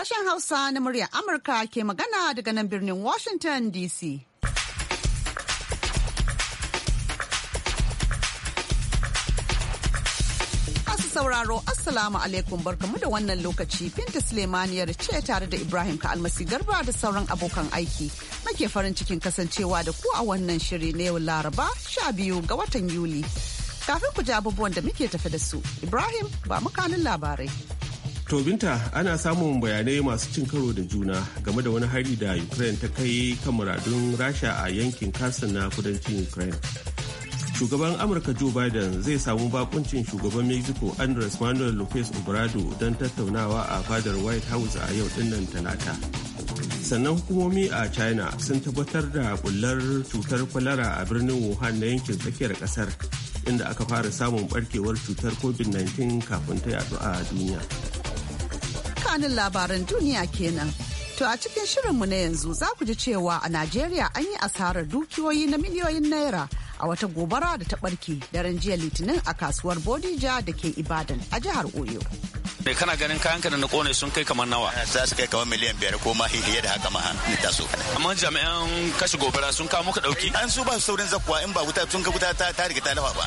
Sashen Hausa na muryar Amurka ke magana daga nan birnin Washington DC. Masu sauraro Assalamu alaikum barkamu da wannan lokaci Binta Sulemaniyar ce tare da Ibrahim ka almasi Garba da sauran abokan aiki. make farin cikin kasancewa da ku a wannan shiri na yau Laraba 12 ga watan Yuli. Kafin ku ji abubuwan da muke tafe da su, Ibrahim ba mu kanin labarai. To binta ana samun bayanai masu cin karo da juna game da wani hari da Ukraine ta kai kan muradun Rasha a yankin kasan na kudancin Ukraine. Shugaban Amurka Joe Biden zai samu bakuncin shugaban Mexico Andres Manuel Lopez obrado don tattaunawa a fadar White House a yau dinnan talata. Sannan hukumomi a China sun tabbatar da bullar cutar kwalara a birnin Wuhan na yankin tsakiyar kasar inda aka fara samun barkewar cutar COVID-19 kafin ta yadu a duniya. kanin labaran duniya kenan. To a cikin shirinmu na yanzu za ku ji cewa a Najeriya an yi asarar dukiyoyi na miliyoyin naira a wata gobara da ta barke daren jiya litinin a kasuwar Bodija da ke Ibadan a jihar Oyo. Me kana ganin kayanka da na kone sun kai kamar nawa? Za su kai kamar miliyan biyar ko ma hihiye da haka ma ni ta so. Amma jami'an kashe gobara sun kawo muka dauki. An su ba su saurin zakuwa in ba wuta tun ka wuta ta riga ta lafa ba.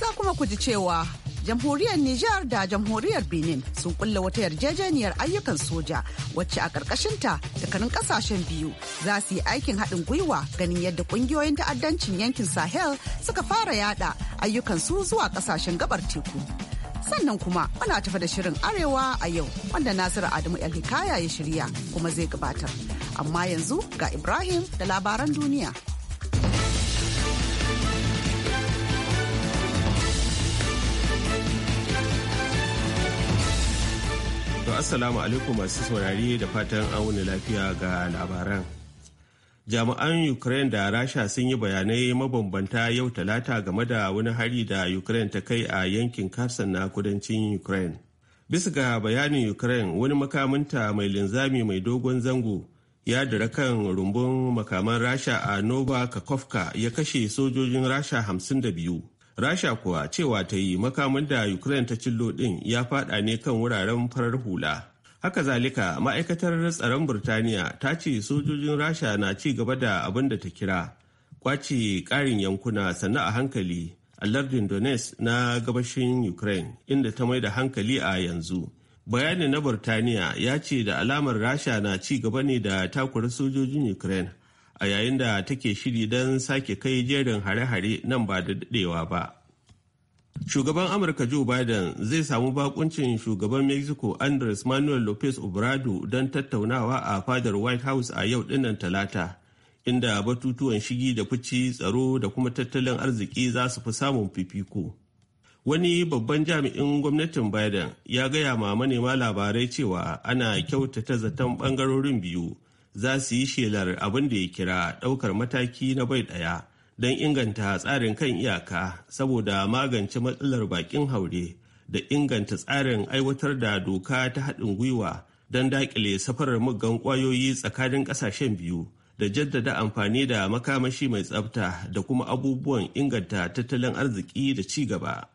Za kuma ku ji cewa jamhuriyar Nijar da jamhuriyar Benin sun kulla wata yarjejeniyar ayyukan soja wacce a ƙarƙashinta dukkanin ƙasashen biyu za su yi aikin haɗin gwiwa ganin yadda ƙungiyoyin ta'addancin yankin Sahel suka fara yada ayyukan su zuwa ƙasashen gabar teku. Sannan kuma muna tafi da shirin Arewa a yau wanda Nasiru Adamu El Hikaya ya shirya kuma zai gabatar. Amma yanzu ga Ibrahim da labaran duniya. assalamu alaikum masu saurari da fatan an lafiya ga labaran. Jami'an Ukraine da Rasha sun yi bayanai mabambanta yau talata game da wani hari da Ukraine ta kai a yankin kasan na kudancin Ukraine. Bisa ga bayanin Ukraine wani makaminta mai linzami mai dogon zango ya dira kan rumbun makaman Rasha a Nova Kakovka ya kashe sojojin Rasha hamsin da biyu. rasha kuwa cewa ta yi makamin da ukraine ta cillo din ya fada ne kan wuraren farar hula haka zalika ma'aikatar tsaron burtaniya ta ce sojojin rasha na ci gaba da abin da ta kira kwace karin yankuna sannan a hankali a lardin donetsk na gabashin ukraine inda ta mai da hankali a yanzu bayani na burtaniya ya ce da alamar rasha na ci gaba ne da takura sojojin ukraine a yayin da take shiri don sake kai jerin hare-hare nan ba da daɗewa ba. Shugaban Amurka Joe Biden zai samu bakuncin shugaban Mexico Andres Manuel Lopez obrado don tattaunawa a fadar White House a yau dinnan Talata, inda batutuwan shigi da fici tsaro da kuma tattalin arziki za su fi samun fifiko. Wani babban jami'in gwamnatin Biden ya gaya ma manema labarai cewa ana kyautata zaton bangarorin biyu. za su yi shelar abin da ya kira ɗaukar mataki na bai ɗaya don inganta tsarin kan iyaka saboda magance matsalar bakin haure da inganta tsarin aiwatar da doka ta haɗin gwiwa don daƙile safarar muggan ƙwayoyi tsakanin ƙasashen biyu da jaddada amfani da makamashi mai tsafta da kuma abubuwan inganta tattalin arziki da ci gaba.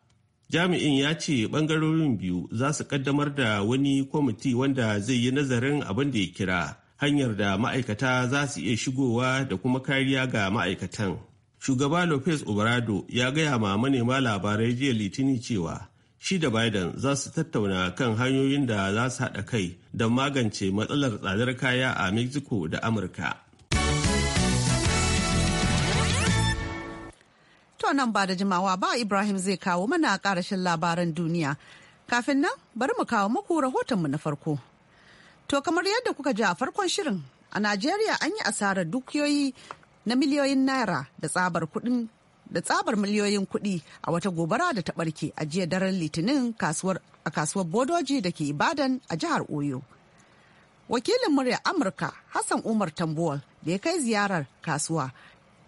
Jami'in ya ce ɓangarorin biyu za su ƙaddamar da wani kwamiti wanda zai yi nazarin abin da ya kira hanyar da ma'aikata za su iya shigowa da kuma kariya ga ma'aikatan. Shugaba Lopez Obrado ya gaya ma manema labarai jiya Litini cewa shi da Biden za su tattauna kan hanyoyin da za su haɗa kai don magance matsalar tsadar kaya a Mexico da Amurka. To nan ba da jimawa ba Ibrahim zai kawo mana ƙarashin labaran duniya. Kafin nan bari mu kawo muku mu na farko. To kamar yadda kuka ji a farkon shirin a Najeriya an yi asarar dukiyoyi na miliyoyin naira da tsabar kuɗin da tsabar miliyoyin kuɗi a wata gobara da ta ɓarke a jiya daren litinin a kasuwar bodoji da ke ibadan a jihar oyo wakilin murya amurka hassan umar tambuwal da ya kai ziyarar kasuwa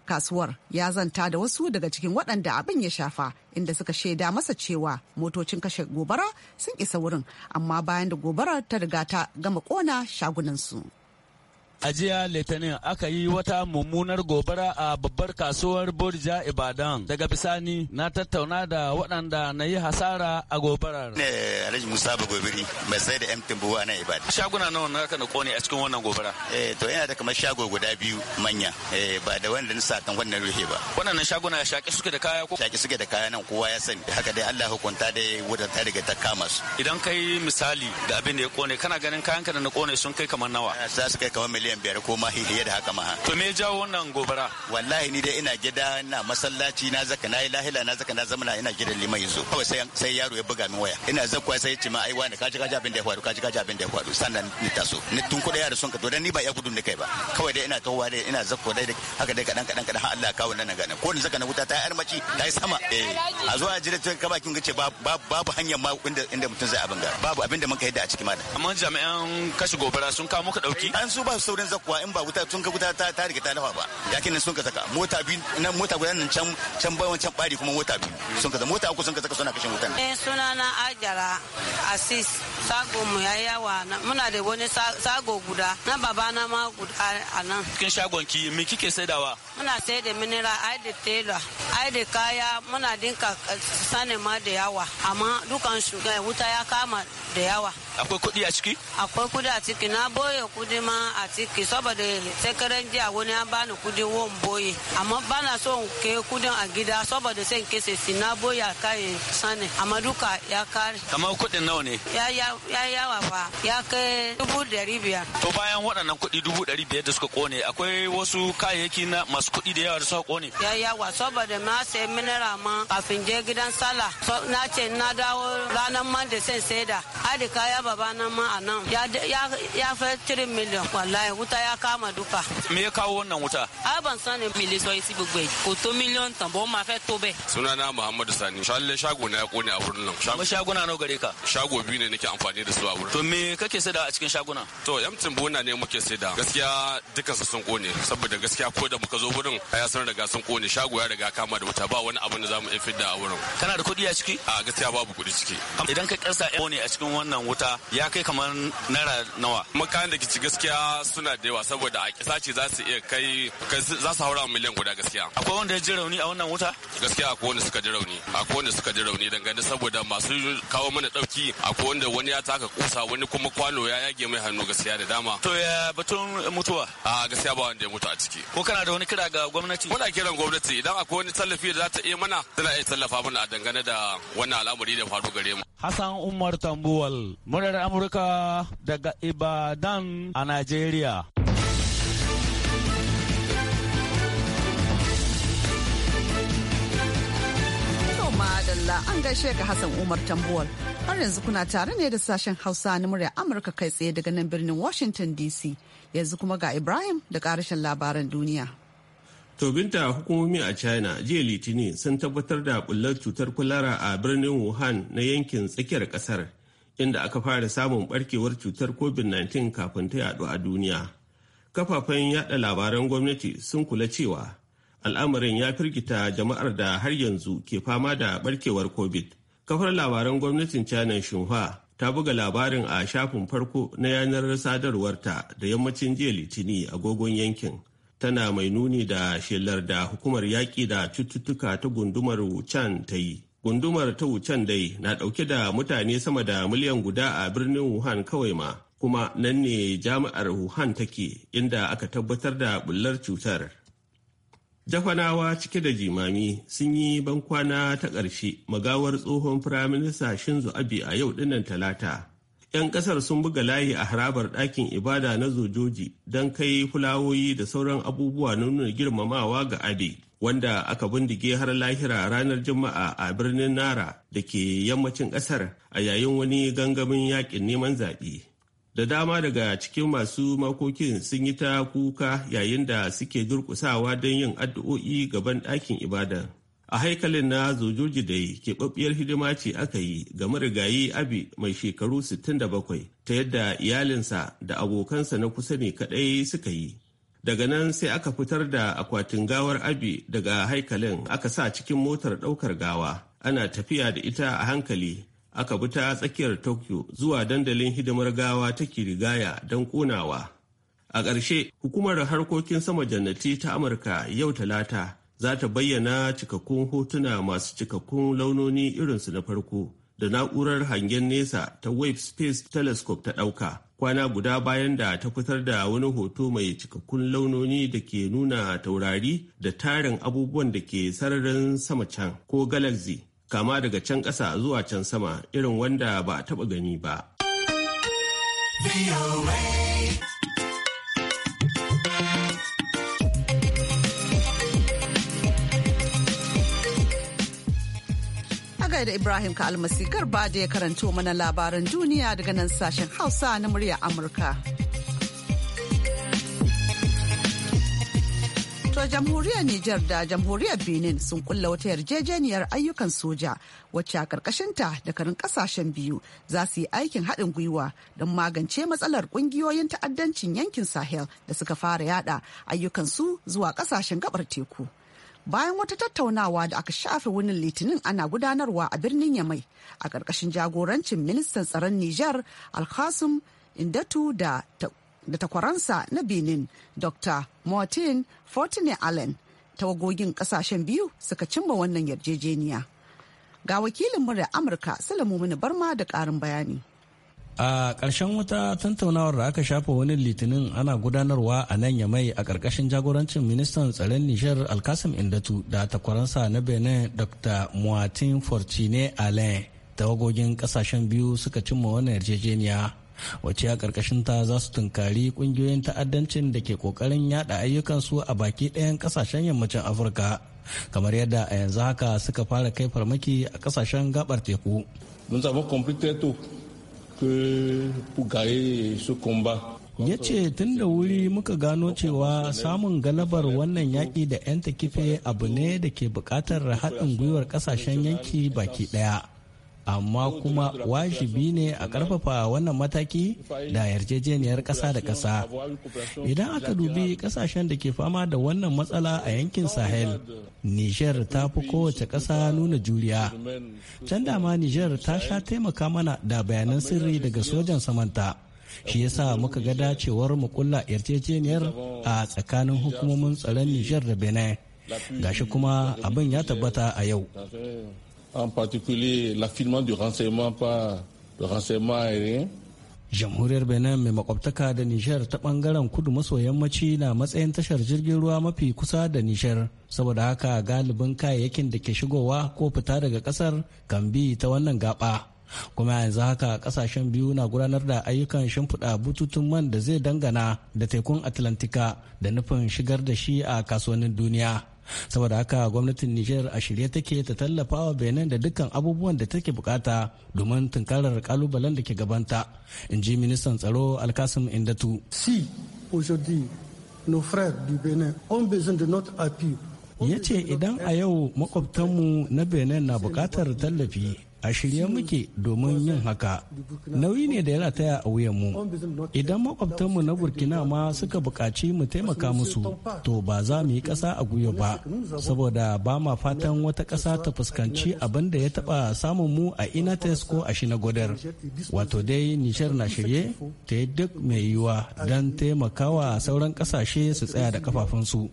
kasuwar ya zanta da wasu daga cikin waɗanda abin ya shafa inda suka shaida masa cewa motocin kashe gobara sun isa wurin amma bayan da gobara ta riga ta gama kona shagunansu. a jiya litinin aka yi wata mummunar gobara a babbar kasuwar borja ibadan daga bisani na tattauna da waɗanda na yi hasara a gobarar ne alhaji musa bagobiri mai sai da yan timbuwa na ibadan shaguna nawa na aka na kone a cikin wannan gobara eh to yana da kamar shago guda biyu manya eh ba da wanda na satan wannan rufe ba wannan shaguna ya shaƙi suke da kaya ko shaƙi suke da kaya nan kowa ya sani haka dai Allah hukunta dai wadda ta riga ta kama su idan kai misali da abin da ya kone kana ganin kayan ka da na kone sun kai kamar nawa eh, za su kai kamar miliyan miliyan biyar ko ma fiye da haka maha. To me jawo wannan gobara? Wallahi ni dai ina gida na masallaci na zaka na yi lahila na zaka na zama na ina gidan liman yanzu. Kawai sai sai yaro ya buga min waya. Ina zakwa sai ce ma ai wani kaji kaji abin da ya faru kaji kaji abin da ya faru sannan ni taso. Ni tun kuɗa yaro son ka to dan ni ba ya gudun da kai ba. Kawai dai ina tahowa dai ina zakwa dai haka dai kadan kadan kadan har Allah kawo nan gana Ko ni zaka na wuta ta yar maci ta yi sama. Eh a zo a jira tun ka bakin ka ce babu hanyar ma inda inda mutum zai abin ga. Babu abin da muka yadda a ciki ma. Amma jami'an kashe gobara sun kawo muka dauki. An su ba su wurin zakuwa in ba wuta tun ka wuta ta ta riga ta lafa ba yakin nan sun ka saka mota biyu nan mota guda nan can can ba wancan bari kuma mota biyu sun ka saka mota uku sun ka saka suna kashin wutan eh suna na ajara asis sago mu ya yawa muna da wani sago guda na baba na ma guda a nan cikin shagon ki me kike saidawa muna sai da minira ai da tela ai da kaya muna dinka eh, sane ma da yawa amma dukan shugaba eh, wuta ya kama da yawa akwai kudi a ciki akwai kudi a ciki na boye kudi ma a ciki saboda sekaren jiya wani an bani kudi won boye amma bana so ke kudin a gida saboda sai in kese si na boye a kai sani amma duka ya kare kamar kudin nawa ne ya ya yawa fa ya kai dubu dari biyar to bayan waɗannan kudi dubu dari biyar da suka kone akwai wasu kayayyaki na masu kudi da yawa da suka kone ya yawa saboda ma sai minera ma kafin je gidan sala na ce na dawo ranar man da sai sai da hadi kaya babana ma a nan ya fa 3 miliyan wallahi wuta ya kama duka. Me ya kawo wannan wuta? A ban sani mili so isi gbogbo ko to miliyan tambo ma fa to bɛ. Suna na Muhammadu Sani. Shalle shago na ya kone a wurin nan. Shago shaguna nawa gare ka? Shago biyu ne nake amfani da su a wurin. To me kake saida a cikin shaguna? To yan timbuna ne muke saida. Gaskiya duka su sun kone saboda gaskiya ko da muka zo wurin ya san riga sun kone shago ya riga kama da wuta ba wani abin da zamu iya fidda a wurin. Kana da kuɗi a ciki? A gaskiya babu kuɗi ciki. Idan ka kasa ne a cikin wannan wuta ya kai kamar naira nawa makayan da kici gaskiya suna da yawa saboda a kisa ce za su iya kai za su haura miliyan guda gaskiya akwai wanda ya ji rauni a wannan wuta gaskiya akwai wanda suka ji rauni akwai wanda suka ji rauni dangane saboda masu kawo mana dauki akwai wanda wani ya taka kusa wani kuma kwano ya yage mai hannu gaskiya da dama to ya batun mutuwa a gaskiya ba wanda ya mutu a ciki ko kana da wani kira ga gwamnati muna kiran gwamnati idan akwai wani tallafi da za ta iya mana tana iya tallafa mana a dangane da wannan al'amari da faru gare mu Hassan Umar Tambuwal Muryar Amurka daga Ibadan a Najeriya. Madalla an gaishe ga Hassan Umar Tambuwal. Har yanzu kuna tare ne da sashen Hausa na murya Amurka kai tsaye daga nan birnin Washington DC. Yanzu kuma ga Ibrahim da karashin labaran duniya. To binta hukumomi a China jiya Litinin sun tabbatar da bullar cutar kulara a birnin Wuhan na yankin tsakiyar kasar inda aka fara samun barkewar cutar covid-19 kafin ta yadu a duniya kafafen yada labaran gwamnati sun kula cewa al'amarin ya firgita jama'ar da har yanzu ke fama da barkewar covid kafar labaran gwamnatin china shinhua ta buga labarin a shafin farko na yanar sadarwarta da yammacin jiya litini agogon yankin tana mai nuni da shelar da hukumar yaƙi da cututtuka ta gundumar chan ta yi Gundumar ta wucan dai na ɗauke da mutane sama da miliyan guda a birnin Wuhan kawai ma, kuma nan ne jami'ar Wuhan take inda aka tabbatar da bullar cutar. Jafanawa cike da jimami sun yi bankwana ta ƙarshe magawar tsohon firaminista Shinzo Abe a yau dinnan talata. 'Yan ƙasar sun buga layi a harabar ɗakin ibada na zojoji don kai fulawoyi da sauran abubuwa nuna girmamawa ga abi wanda aka bindige har lahira ranar juma'a a birnin nara da ke yammacin kasar a yayin wani gangamin yakin neman zaɓe da dama daga cikin masu makokin sun yi ta kuka yayin da suke durkusawa don yin addu'o'i gaban ɗakin ibadan a haikalin na zojoji da keɓaɓɓiyar hidima ce aka yi ga marigayi abi mai shekaru 67 ta yadda iyalinsa da abokansa na kusa ne kaɗai suka yi daga nan sai aka fitar da akwatin gawar abi daga haikalin aka sa cikin motar ɗaukar gawa ana tafiya da ita a hankali aka bi ta tsakiyar tokyo zuwa dandalin hidimar gawa ta kirigaya don ƙonawa a ƙarshe hukumar harkokin sama jannati ta amurka yau talata za ta bayyana cikakkun hotuna masu cikakkun launoni irinsu na farko da na'urar hangen nesa ta Webb Space Telescope ta ɗauka. Kwana guda bayan da ta fitar da wani hoto mai cikakkun launoni da ke nuna taurari da tarin abubuwan da ke sararin sama can ko galaxy kama daga can ƙasa zuwa can sama irin wanda ba a taɓa gani ba. da Ibrahim ka almasi ba da ya karanto mana labaran duniya daga nan sashen Hausa na murya Amurka. To jamhuriyar Nijar da jamhuriyar Benin sun kulla wata yarjejeniyar ayyukan soja wacce a ƙarƙashinta dakarun ƙasashen biyu za su yi aikin haɗin gwiwa don magance matsalar ƙungiyoyin ta'addancin yankin Sahel da suka fara yada ayyukansu zuwa ƙasashen gabar teku. bayan wata tattaunawa da aka shafe wunin litinin ana gudanarwa a birnin yamai a ƙarƙashin jagorancin ministan tsaron niger alhassan indatu da takwaransa na benin dr martin fortune allen tawagogin ƙasashen biyu suka cimma wannan yarjejeniya ga wakilin murya amurka salamu mini barma da ƙarin bayani a ƙarshen wata tantaunawar da aka shafa wani litinin ana gudanarwa a nan yamai a ƙarƙashin jagorancin ministan tsaron nijar alkasim indatu da takwaransa na benin dr muatin fortune alain tawagogin ƙasashen biyu suka cimma wannan yarjejeniya wace a ƙarƙashin ta za su tunkari ƙungiyoyin ta'addancin da ke ƙoƙarin yada su a baki ɗayan ƙasashen yammacin afirka kamar yadda a yanzu haka suka fara kai farmaki a ƙasashen gabar teku. Mun samu kumba ya ce tun da wuri muka gano cewa samun galabar wannan yaƙi da 'yan kife abu ne da ke buƙatar haɗin gwiwar ƙasashen yanki baki ɗaya amma kuma wajibi ne a karfafa wannan mataki da yarjejeniyar ƙasa da ƙasa idan aka dubi ƙasashen da ke fama da wannan matsala a yankin sahel niger ta fi kowace ƙasa nuna juriya can dama niger ta sha taimaka mana da bayanan sirri daga sojan samanta shi yasa muka ga dacewar mu yarjejeniyar a tsakanin hukumomin tsaron niger da benin gashi kuma abin ya tabbata a yau en particulier l'affinement du renseignement par le renseignement aérien. Jamhuriyar Benin mai makwabtaka da Nijar ta bangaren kudu maso yammaci na matsayin tashar jirgin ruwa mafi kusa da Nijar. Saboda haka galibin kayayyakin da ke shigowa ko fita daga kasar kan bi ta wannan gaba. Kuma yanzu haka kasashen biyu na gudanar da ayyukan shimfiɗa bututun man da zai dangana da tekun Atlantika da nufin shigar da shi a kasuwannin duniya. saboda haka gwamnatin niger a shirye take ta tallafawa wa benin da dukkan abubuwan da take bukata domin tunkarar kalubalen da ke gabanta in ji ministan tsaro alkasim indatu si aujourd'hui nos frères du benin ont besoin de notre appui ya ce idan a yau makwabtanmu na benin na bukatar tallafi a shirye muke domin yin haka nauyi ne da ya rataya a wuyan mu idan makwabtanmu na burkina ma suka buƙaci mu taimaka musu to ba za mu yi ƙasa a guya ba saboda ba ma fatan wata ƙasa ta fuskanci abin da ya taɓa samun mu a inates ko a shinagodar wato dai nishar na shirye ta yi duk mai yiwuwa don taimakawa sauran ƙasashe su tsaya da kafafunsu.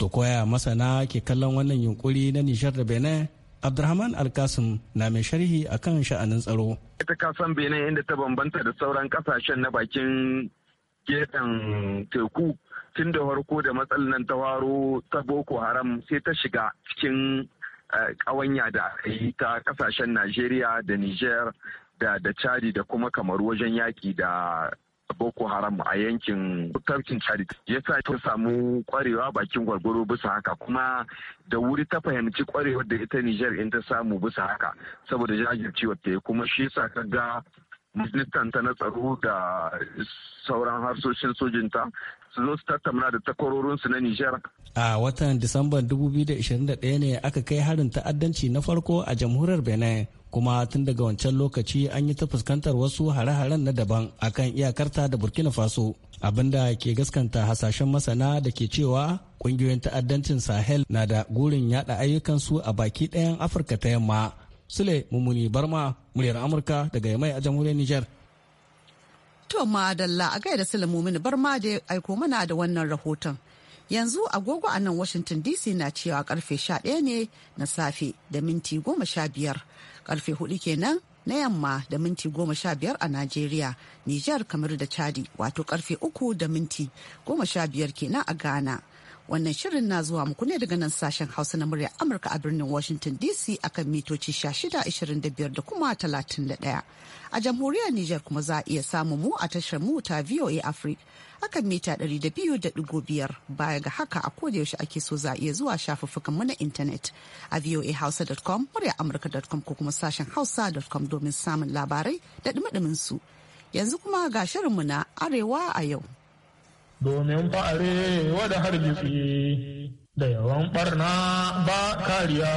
To koya masana ke kallon wannan yunkuri na Nijar da Benin abdulrahman Alkasim na mai sharhi akan sha'anin tsaro. Ita kasan Benin inda ta bambanta da sauran kasashen na bakin gefen teku tun da farko da matsalan ta waro ta Boko Haram sai ta shiga cikin eh, ƙawanya da yi ta kasashen Najeriya da Niger da da Chadi da kuma kamar wajen yaki da boko haram a yankin tafkin chad sa ta samu kwarewa bakin gwargwaro bisa haka kuma da wuri ta fahimci kwarewar da ita niger in ta samu bisa haka saboda jajircewar ta kuma shi yasa ka ga ministan ta na tsaro da sauran harsoshin sojinta su zo su tattauna da takwarorinsu na Nijar. A watan Disamban 2021 ne aka kai harin ta'addanci na farko a jamhuriyar Benin kuma tun daga wancan lokaci an yi ta fuskantar wasu hare-haren na daban akan iyakarta da Burkina Faso abinda ke gaskanta hasashen masana da ke cewa kungiyoyin ta'addancin Sahel na da gurin yada ayyukansu a baki ɗayan Afirka ta yamma Sule Mummuni Barma muryar Amurka daga Yamai a jamhuriyar Nijar. To madalla a gaida Sule Mummuni Barma da aiko mana da wannan rahoton. Yanzu agogo a nan Washington DC na cewa karfe 11 ne na safe da minti 15 karfe 4 kenan na yamma da minti 15 a Najeriya, Nijar kamar da Chadi wato karfe 3 da minti 15 kenan a Ghana. Wannan shirin na zuwa muku ne daga nan sashen Hausa na murya Amurka a birnin Washington DC akan mitoci 1625 da kuma 31. A jamhuriyar Niger kuma za a iya samu mu a tashar mu ta VOA Africa akan mita 200.5 baya ga haka a kodayaushe ake so za a iya zuwa shafuffukan mu na intanet a voahausa.com murya amurka.com ko kuma sashen hausa.com domin samun labarai da su. Yanzu kuma ga shirinmu na Arewa a yau. domin fa'are wada hargitsi da yawan barna ba kariya.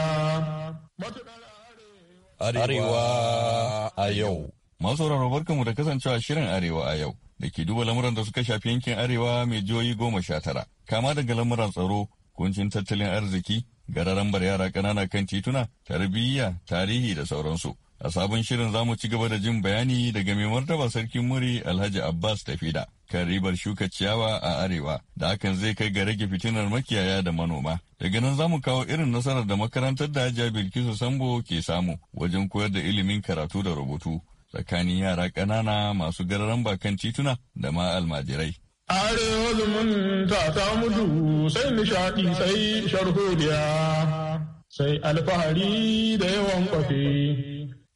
Arewa a yau Masu mu da kasancewa shirin Arewa a yau da ke duba lamuran da suka shafi yankin Arewa mai jihohi goma sha tara. Kama daga lamuran tsaro, kuncin tattalin arziki, bar yara ƙanana kan tituna, tarbiyya, tarihi da sauransu. A sabon shirin za mu ci gaba da jin bayani daga mai martaba sarkin muri Alhaji Abbas Tafida kan ribar shuka ciyawa a arewa da hakan zai kai ga rage fitinar makiyaya da manoma. Daga nan za mu kawo irin nasarar da makarantar da Hajiya Bilkisu Sambo ke samu wajen koyar da ilimin karatu da rubutu tsakanin yara ƙanana masu gararan bakan tituna da ma almajirai. Arewa zumunta ta mutu sai nishaɗi sai sharhoriya sai alfahari da yawan kwafe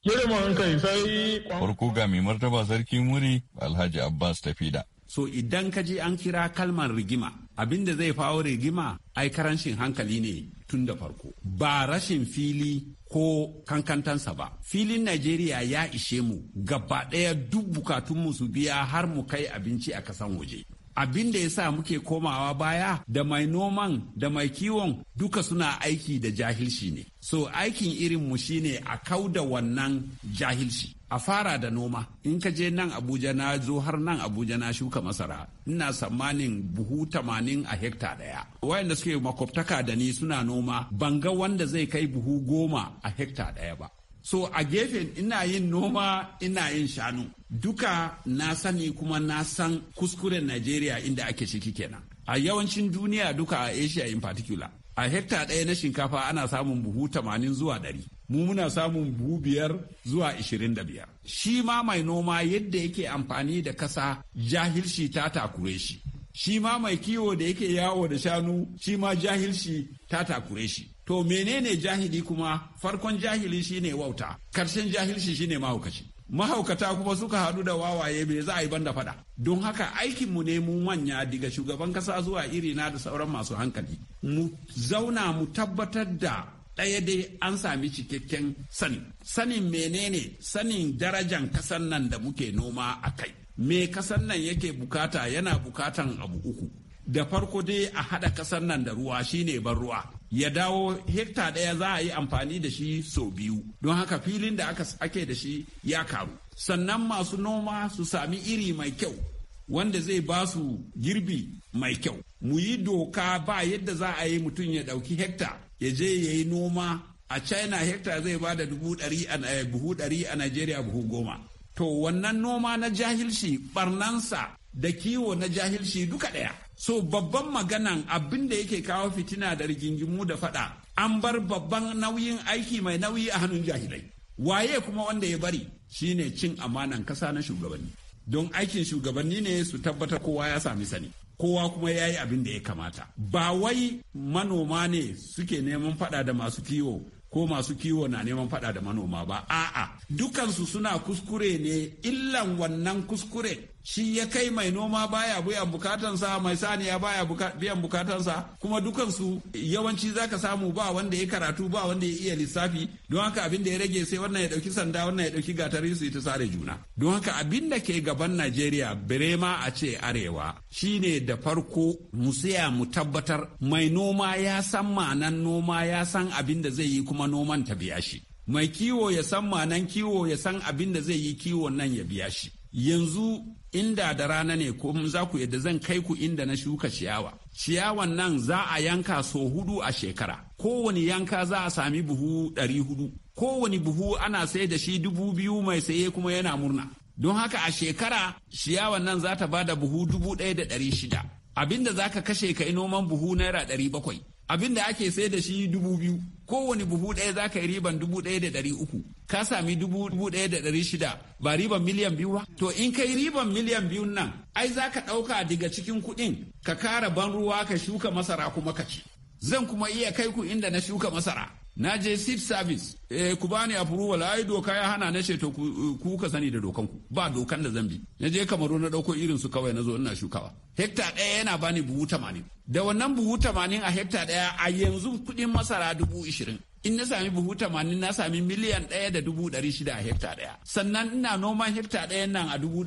girman kai sai farko ga mai martaba sarkin wuri alhaji abbas tafida so idan ka je an kira kalmar rigima abin da zai fawo rigima ai karancin hankali ne tun da farko ba rashin fili ko kankantansa ba filin najeriya ya ishe mu gaba ɗaya duk bukatunmu su biya har mu kai abinci a kasan waje abin da ya sa muke komawa baya da mai noman da mai kiwon duka suna aiki da jahilci ne so aikin irin irinmu shine a kau da wannan jahilci a fara da noma in ka je nan abuja na zo har nan abuja na shuka masara ina tsammanin buhu tamanin a hekta daya wayanda suke makwabtaka da ni suna noma ban ga wanda zai kai buhu goma a hekta daya ba so a gefen ina yin noma ina yin shanu duka na sani kuma na san kuskuren najeriya inda ake ciki kenan a yawancin duniya duka a asia in particular a hekta ɗaya na shinkafa ana samun buhu 80 zuwa 100 mu muna samun buhu biyar zuwa 25 shi ma mai noma yadda yake amfani da kasa jahilci ta takure shi shi ma mai kiwo da yake yawo da shanu shi ma jahilci ta takure shi to menene jahili kuma farkon jahili shine wauta karshen jahilci shine mahaukaci mahaukata kuma suka haɗu da wawaye me za a yi banda faɗa don haka aikin mu ne mu manya daga shugaban kasa zuwa iri na da sauran masu hankali mu zauna mu tabbatar da ɗaya dai an sami cikakken sani sanin menene sanin darajan kasan nan da muke noma a kai me kasan nan yake bukata yana bukatan abu uku da farko dai a haɗa kasan nan da ruwa shine ban ruwa ya dawo hekta ɗaya za a yi amfani da shi sau biyu don haka filin da aka ake da shi ya karu sannan masu noma su sami iri mai kyau wanda zai ba su girbi mai kyau mu yi doka ba yadda za a yi mutum ya ɗauki hekta ya je ya yi noma a china hekta zai ba da eh, buhu ɗari a nigeria buhu goma to wannan noma na jahilci barnansa da kiwo na jahilci duka ɗaya. So babban maganan abin da yake kawo fitina da rigingimu da faɗa an bar babban nauyin aiki mai nauyi a hannun jahilai. Waye kuma wanda ya bari shine cin amanan kasa na shugabanni. Don aikin shugabanni ne su tabbatar kowa ya sami sani. Kowa kuma ya yi abin da ya kamata. Ba wai manoma ne suke neman faɗa da masu kiwo ko masu kiwo na neman fada da manoma ba a'a dukansu suna kuskure ne illan wannan kuskure shi ya kai mai noma baya biyan bukatansa mai saniya baya biyan bukatansa kuma dukansu yawanci zaka samu ba wanda ya karatu ba wanda ya iya lissafi don haka abin da ya rage sai wannan ya dauki sanda wannan ya dauki gatari su ta sare juna don haka abin da ke gaban Najeriya birema a ce arewa shine da farko mu tsaya mu tabbatar mai noma ya san ma'anan noma ya san abin da zai yi kuma noman ta biya shi mai kiwo ya san ma'anan kiwo ya san abin da zai yi kiwon nan ya biya shi yanzu inda da rana ne ko za ku yadda zan kai ku inda na shuka ciyawa ciyawan nan za a yanka so hudu a shekara kowane yanka za a sami buhu ɗari hudu kowane buhu ana sai da shi dubu biyu mai saye kuma yana murna don haka a shekara ciyawan nan za ta ba da buhu dubu ɗaya da ɗari shida abinda za ka kashe ka noman buhu naira ɗari bakwai abin da ake sai da shi dubu biyu kowane buhu ɗaya za ka yi riban dubu ɗaya da ɗari uku ka sami dubu ɗaya da ɗari shida ba riban miliyan biyu ba to in kai riban miliyan biyun nan ai za ka ɗauka daga cikin kuɗin ka kara ban ruwa ka shuka masara kuma ka ci zan kuma iya kai ku inda na shuka masara na je seed service e ku bani approval ai doka ya hana na sheto ku ka sani da dokan ku ba dokan da zambi na je kamaru na dauko irin su kawai na zo ina shukawa hekta daya yana bani buhu 80 da wannan buhu 80 a hekta daya a yanzu kudin masara dubu in na sami buhu tamanin na sami miliyan ɗaya da dubu a hekta daya sannan ina noman hekta daya nan a dubu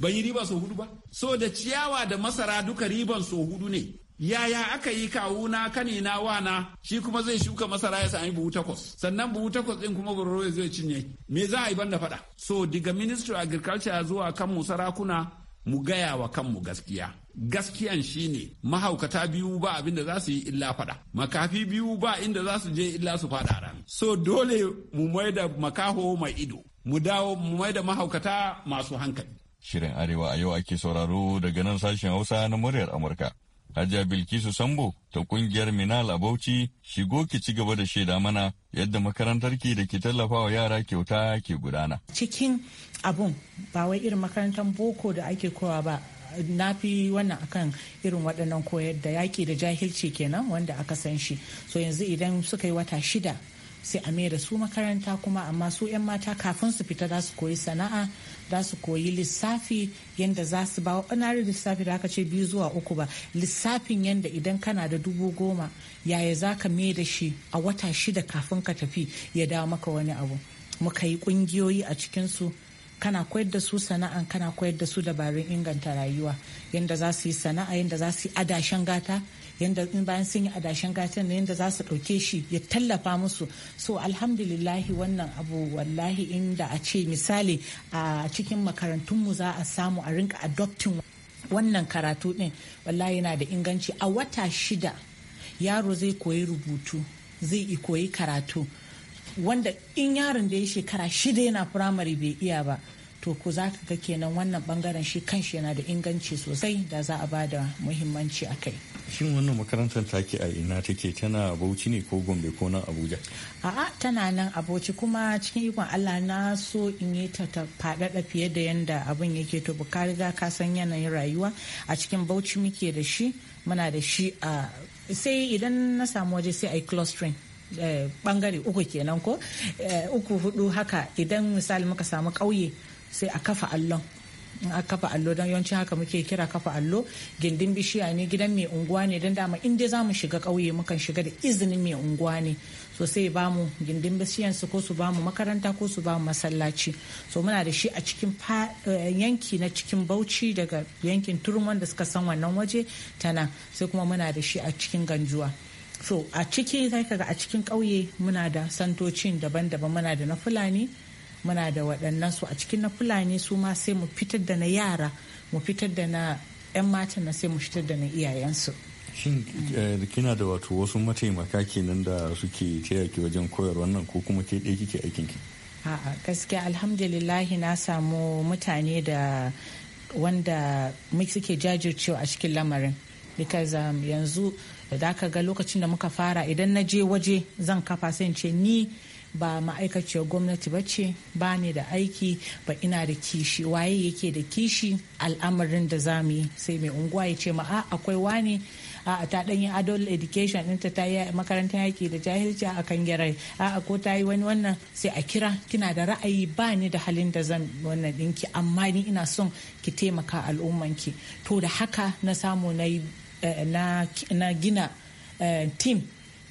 ban yi riba so hudu ba so da ciyawa da masara duka riban so hudu ne yaya aka yi kawuna wa wana shi kuma zai shuka masara ya sami buhu takwas sannan buhu takwas ɗin kuma bororo ya zai cinye me za a yi banda faɗa so daga ministry agriculture zuwa kanmu sarakuna mu gaya wa kanmu gaskiya gaskiyan shine mahaukata biyu ba abinda za su yi illa faɗa makafi biyu ba inda za su je illa su fada ran so dole mu mai da makaho mai ido mu dawo mu mai da mahaukata masu hankali shirin arewa a yau ake sauraro daga nan sashen hausa na muryar amurka Hajiya Bilkisu Sambo ta kungiyar Minal a Bauchi shigo ki ci gaba da shaida mana yadda makarantar ki da ke tallafawa yara kyauta ke gudana. Cikin abun ba wai irin makarantar boko da ake kowa ba na fi wannan akan irin waɗannan koyar da yaƙi da jahilci kenan wanda aka san shi so yanzu idan suka yi wata shida sai a mayar da su makaranta kuma amma su 'yan mata kafin su fita za su koyi sana'a za su koyi lissafi yadda za su ba ɓanare lissafi da aka ce biyu zuwa uku ba lissafin yadda idan kana da dubu goma yaya za ka mai da shi a wata shida kafin ka tafi ya dawo maka wani abu muka yi ƙungiyoyi a cikinsu kana koyar da su sana'an kana koyar da su dabarun inganta rayuwa yadda za su yi sana'a yadda za su yi adashen gata yanda in bayan sun yi adashin gatan da yadda za su ɗauke shi ya tallafa musu so alhamdulillahi wannan abu wallahi inda a ce misali a cikin makarantunmu za a samu a rinka adoptin wannan karatu ɗin wallahi yana da inganci a wata shida yaro zai koyi rubutu zai koyi karatu wanda in yaron da ya shekara shida yana firamare bai iya ba to ku za ka ga kenan wannan bangaren shi kanshi yana da inganci sosai da za a bada muhimmanci a kai shin wannan makarantar take a ina take tana bauchi ne ko gombe ko nan abuja a'a tana nan a bauchi kuma cikin ikon allah na so in yi ta faɗaɗa fiye da yanda abin yake to ka riga ka san yanayin rayuwa a cikin bauchi muke da shi muna da shi a sai idan na samu waje sai a yi clustering bangare eh, uku kenan ko eh, uku hudu haka idan misali muka samu kauye sai a kafa allon a kafa allo don yawanci haka muke kira kafa allo gindin bishiya ne gidan mai unguwa ne don dama in dai za mu shiga ƙauye mukan shiga da izinin mai unguwa ne so sai ba mu gindin bishiyan su ko su ba mu makaranta ko su ba mu masallaci so muna da shi a cikin eh, yanki na cikin bauchi daga yankin turman da suka san wannan waje tana sai kuma muna da shi a cikin ganjuwa so a ciki zai kaga a cikin ƙauye muna da santocin daban-daban muna da na fulani muna da waɗannan su a cikin na fulani su ma sai mu fitar da na yara mu fitar da na 'yan matan na sai mu fitar da na iyayensu shin eh, kina da wato wasu mataimaka kenan da suke taya wajen koyar wannan ko kuma ke ɗaya kike aikin ki a'a gaskiya alhamdulillahi na samu mutane da wanda suke jajircewa a cikin lamarin because um, yanzu da aka ga lokacin da muka fara idan na je waje zan kafa sai ce ni ba ma'aikaciyar gwamnati ba ce ba ni da aiki ba ina da kishi waye yake da kishi al'amarin da za mu yi sai mai unguwa ya ce ma a akwai wani a ta dan yi adult education ɗinta ta yi makarantar yaki da jahilci a kan gyarai a ko ta yi wani wannan sai a kira kina da ra'ayi ba ni da halin da zan wannan ɗinki amma ni ina son ki taimaka al'ummanki to da haka na samu na eh, gina eh, team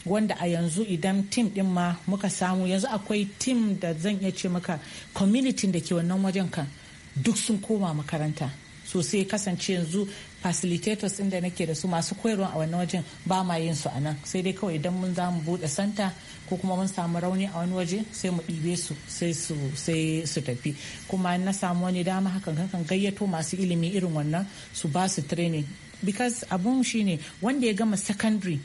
wanda a yanzu idan tim din ma muka samu yanzu akwai tim da zan iya ce maka community da ke wannan wajen kan duk sun koma makaranta so sai kasance yanzu facilitators inda nake da su masu koyarwa a wannan wajen ba ma yin su a nan sai dai kawai idan mun za mu bude santa ko kuma mun samu rauni a wani waje sai mu ɗibe su sai su sai su tafi kuma na samu wani dama hakan kan gayyato masu ilimi irin wannan su ba su training because abun shine wanda ya gama secondary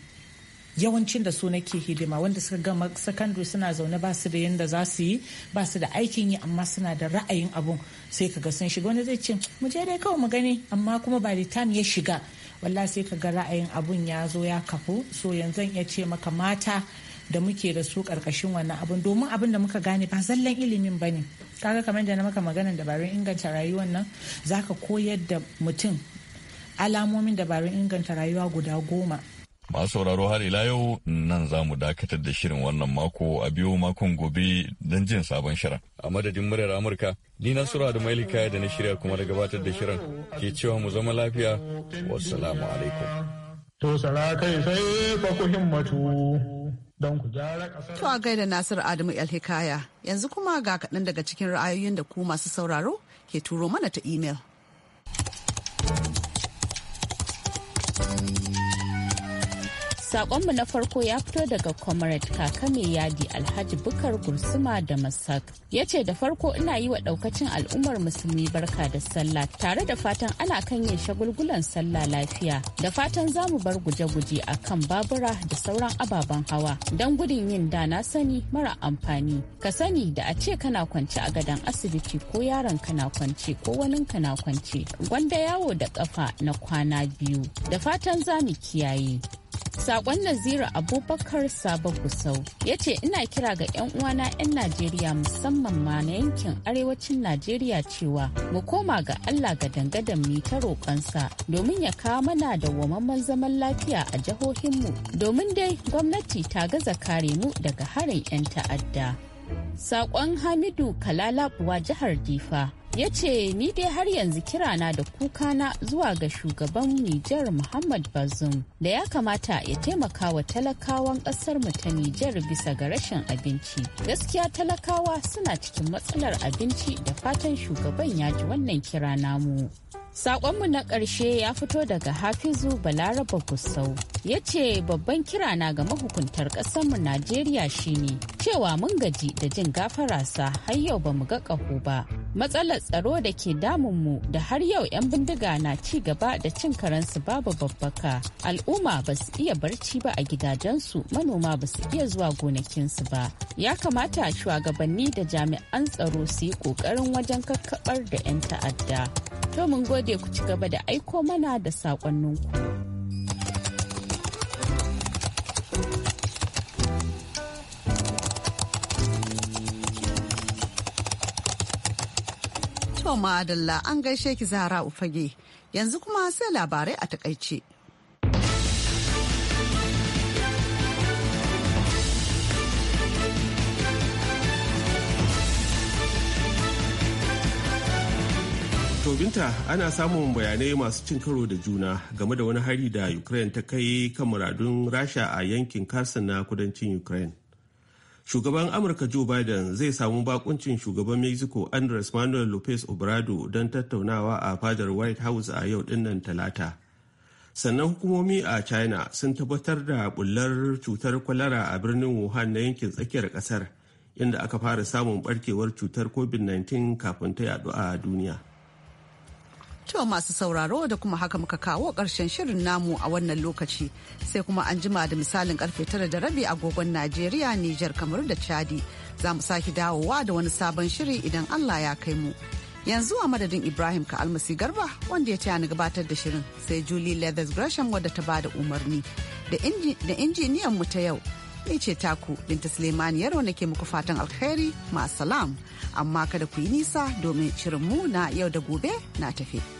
yawancin da su nake hidima wanda suka gama secondary suna zaune ba su da yanda za su yi ba su da aikin yi amma suna da ra'ayin abun sai ka ga sun shiga wani zai ce mu je dai kawai mu gani amma kuma ba da time ya shiga walla sai ka ga ra'ayin abun ya zo ya kafu so yanzu ya ce maka mata da muke da su karkashin wannan abun domin abin da muka gane ba zallan ilimin ba ne kaga kamar da na maka maganan dabarun inganta rayuwar nan zaka koyar da mutum alamomin dabarun inganta rayuwa guda goma Masu sauraro har ila yau nan za mu dakatar da shirin wannan mako a biyo makon gobe don jin sabon shirin. A madadin muryar Amurka, ni na sura da kaya da na shirya kuma da gabatar da shirin ke cewa mu zama lafiya. Wassalamu alaikum. To sara sai fa ku himmatu don ku gyara kasar To a gaida Nasir Adamu Alhikaya yanzu kuma ga kaɗan daga cikin ra'ayoyin da ku masu sauraro ke turo mana ta imel. saƙonmu na farko ya fito daga Comrade mai Yadi Alhaji Bukar Gursuma da Masak. Ya ce da farko ina yi wa ɗaukacin al'ummar musulmi barka da sallah tare da fatan ana kan yin shagulgulan sallah lafiya. Da fatan za mu bar guje-guje a kan babura da sauran ababen hawa don gudun yin da na sani mara amfani. Ka sani da a ce kana kwance a gadon asibiti ko yaron kana kwance ko wanin kana kwance. Gwanda yawo da ƙafa na kwana biyu. Da fatan za mu kiyaye. Sakon naziru Abubakar Sabon Gusau ya ce ina kira ga 'yan uwana 'yan Najeriya musamman ma na yankin arewacin Najeriya cewa mu koma ga Allah ga dangadan mi ta roƙonsa domin ya kawo mana da wamamman zaman lafiya a jihohinmu domin dai gwamnati ta gaza kare mu daga harin 'yan ta'adda. Sakon Hamidu Kalalabuwa jihar Difa ya ce ni dai har yanzu kirana da kuka na zuwa ga shugaban Nijar Muhammad bazum da ya kamata ya taimaka wa talakawan kasar mu ta Nijar bisa ga rashin abinci. Gaskiya talakawa suna cikin matsalar abinci da fatan shugaban ya ji wannan kira namu. Sakonmu na ƙarshe ya fito daga Hafizu Balaraba Gusau. Ya ce babban kira na ga mahukuntar ƙasarmu Najeriya shine cewa mun gaji da jin gafara sa har yau ba mu ga ƙaho ba. Matsalar tsaro da ke damunmu da har yau 'yan bindiga na ci gaba da cin karansu babu babbaka. Al'umma ba su iya barci ba a gidajensu manoma ba su iya zuwa gonakinsu ba. Ya kamata shugabanni da jami'an tsaro su yi ƙoƙarin wajen kakkaɓar da 'yan ta'adda. To mun gode ku ci gaba da aiko mana da saƙonninku. To ma'adalla an gaishe ki zara ufage yanzu kuma sai labarai a takaice. binta ana samun bayanai masu cin karo da juna game da wani hari da Ukraine ta kai kan muradun Rasha a yankin Kherson na kudancin Ukraine. Shugaban Amurka Joe Biden zai samu bakuncin shugaban Mexico Andres Manuel Lopez obrado don tattaunawa a fadar White House a yau dinnan talata. Sannan hukumomi a China sun tabbatar da bullar cutar kwalara a birnin Wuhan na yankin tsakiyar kasar inda aka fara samun barkewar cutar COVID-19 kafin ta yadu a duniya. To masu sauraro da kuma haka muka kawo ƙarshen shirin namu a wannan lokaci sai kuma an jima da misalin karfe tara da rabi agogon Najeriya, Nijar, kamar da Chadi. Za mu sake dawowa da wani sabon shiri idan Allah ya kai mu. Yanzu a madadin Ibrahim ka almasi garba wanda ya taya ni gabatar da shirin sai Julie Leathers Gresham wadda ta bada umarni da injiniyan mu ta yau. Ni ce taku Binta Suleiman Yaro nake muku fatan alkhairi ma salam amma kada ku yi nisa domin shirin mu na yau da gobe na tafe.